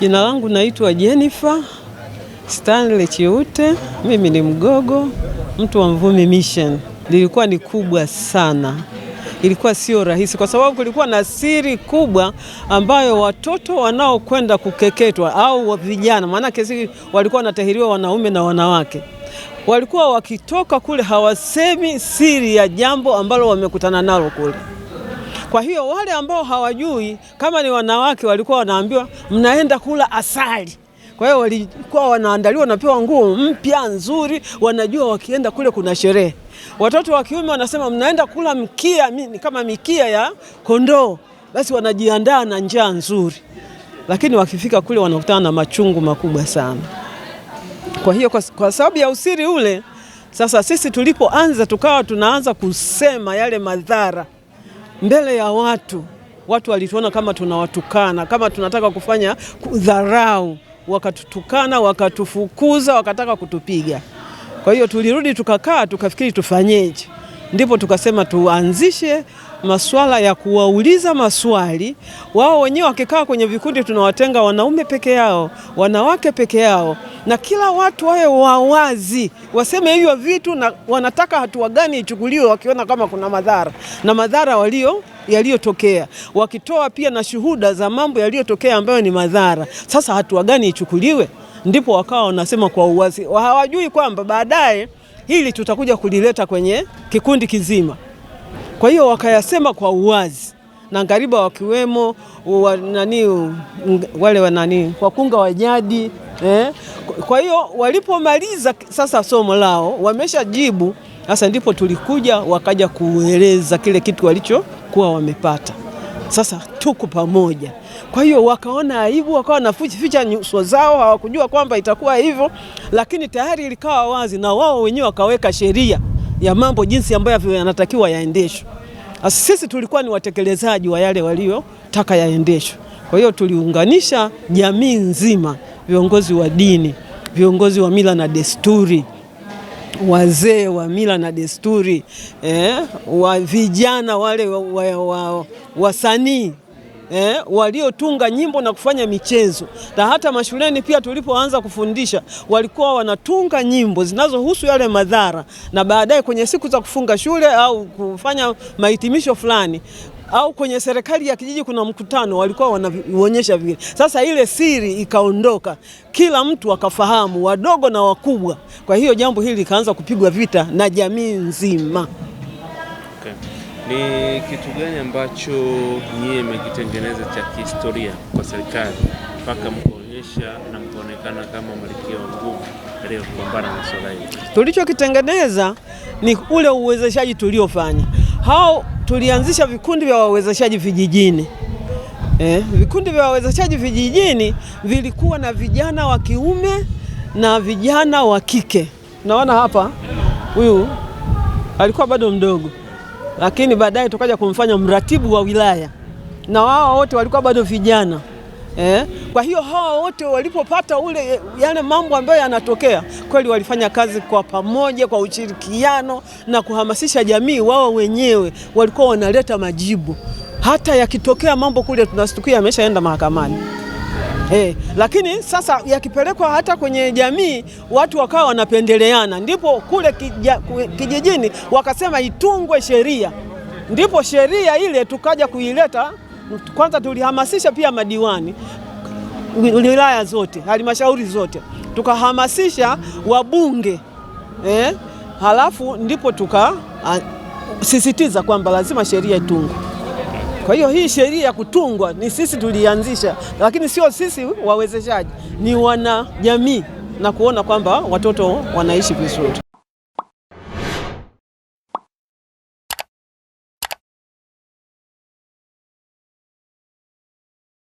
Jina langu naitwa Jennifer Stanley Chiute, mimi ni mgogo mtu wa Mvumi Mission. Lilikuwa ni kubwa sana, ilikuwa sio rahisi kwa sababu kulikuwa na siri kubwa ambayo watoto wanaokwenda kukeketwa au vijana, maanake si walikuwa wanatahiriwa wanaume na wanawake, walikuwa wakitoka kule hawasemi siri ya jambo ambalo wamekutana nalo kule. Kwa hiyo wale ambao hawajui kama ni wanawake walikuwa wanaambiwa mnaenda kula asali. Kwa hiyo walikuwa wanaandaliwa, wanapewa nguo mpya nzuri, wanajua wakienda kule kuna sherehe. Watoto wa kiume wanasema mnaenda kula mkia kama mikia ya kondoo, basi wanajiandaa na njaa nzuri, lakini wakifika kule wanakutana na machungu makubwa sana. Kwa hiyo kwa, kwa sababu ya usiri ule, sasa sisi tulipoanza tukawa tunaanza kusema yale madhara mbele ya watu. Watu walituona kama tunawatukana, kama tunataka kufanya dharau, wakatutukana, wakatufukuza, wakataka kutupiga. Kwa hiyo tulirudi tukakaa, tukafikiri tufanyeje? ndipo tukasema tuanzishe masuala ya kuwauliza maswali wao wenyewe. Wakikaa kwenye vikundi, tunawatenga wanaume peke yao, wanawake peke yao, na kila watu wawe wawazi, waseme hivyo vitu na wanataka hatua gani ichukuliwe, wakiona kama kuna madhara na madhara walio yaliyotokea wakitoa pia na shuhuda za mambo yaliyotokea ambayo ni madhara. Sasa hatua gani ichukuliwe? Ndipo wakawa wanasema kwa uwazi, hawajui kwamba baadaye hili tutakuja kulileta kwenye kikundi kizima. Kwa hiyo wakayasema kwa uwazi na ngariba wakiwemo wa, nani, wale wa nani wakunga wa jadi eh. Kwa hiyo walipomaliza sasa somo lao wameshajibu sasa, ndipo tulikuja wakaja kueleza kile kitu walichokuwa wamepata. Sasa tuko pamoja. Kwa hiyo wakaona aibu, wakawa naficha nyuso zao, hawakujua kwamba itakuwa hivyo, lakini tayari ilikawa wazi na wao wenyewe wakaweka sheria ya mambo jinsi ambavyo yanatakiwa yaendeshwe. Sisi tulikuwa ni watekelezaji wa yale waliotaka yaendeshwe. Kwa hiyo tuliunganisha jamii nzima, viongozi wa dini, viongozi wa mila na desturi wazee wa mila na desturi eh, wa vijana wale wasanii wa, wa, wa Eh, waliotunga nyimbo na kufanya michezo na hata mashuleni pia tulipoanza kufundisha walikuwa wanatunga nyimbo zinazohusu yale madhara, na baadaye kwenye siku za kufunga shule au kufanya mahitimisho fulani au kwenye serikali ya kijiji kuna mkutano walikuwa wanaonyesha vile. Sasa ile siri ikaondoka, kila mtu akafahamu, wadogo na wakubwa. Kwa hiyo jambo hili likaanza kupigwa vita na jamii nzima. Okay. Ni kitu gani ambacho nyie mmekitengeneza cha kihistoria kwa serikali mpaka mkaonyesha na mkaonekana kama malkia wa nguvu kupambana na swala hili? Tulichokitengeneza ni ule uwezeshaji tuliofanya hao tulianzisha vikundi vya wawezeshaji vijijini. Eh, vikundi vya wawezeshaji vijijini vilikuwa na vijana wa kiume na vijana wa kike. Naona hapa huyu alikuwa bado mdogo, lakini baadaye tukaja kumfanya mratibu wa wilaya, na wao wote walikuwa bado vijana. Eh? Kwa hiyo hawa wote walipopata ule yale mambo ambayo yanatokea kweli, walifanya kazi kwa pamoja, kwa ushirikiano na kuhamasisha jamii. Wao wenyewe walikuwa wanaleta majibu, hata yakitokea mambo kule tunastukia ameshaenda mahakamani. Eh, lakini sasa yakipelekwa hata kwenye jamii watu wakawa wanapendeleana, ndipo kule kijijini wakasema itungwe sheria, ndipo sheria ile tukaja kuileta kwanza tulihamasisha pia madiwani wilaya zote, halmashauri zote, tukahamasisha wabunge eh, halafu ndipo tukasisitiza kwamba lazima sheria itungwe. Kwa hiyo hii sheria ya kutungwa ni sisi tulianzisha, lakini sio sisi wawezeshaji, ni wanajamii na kuona kwamba watoto wanaishi vizuri.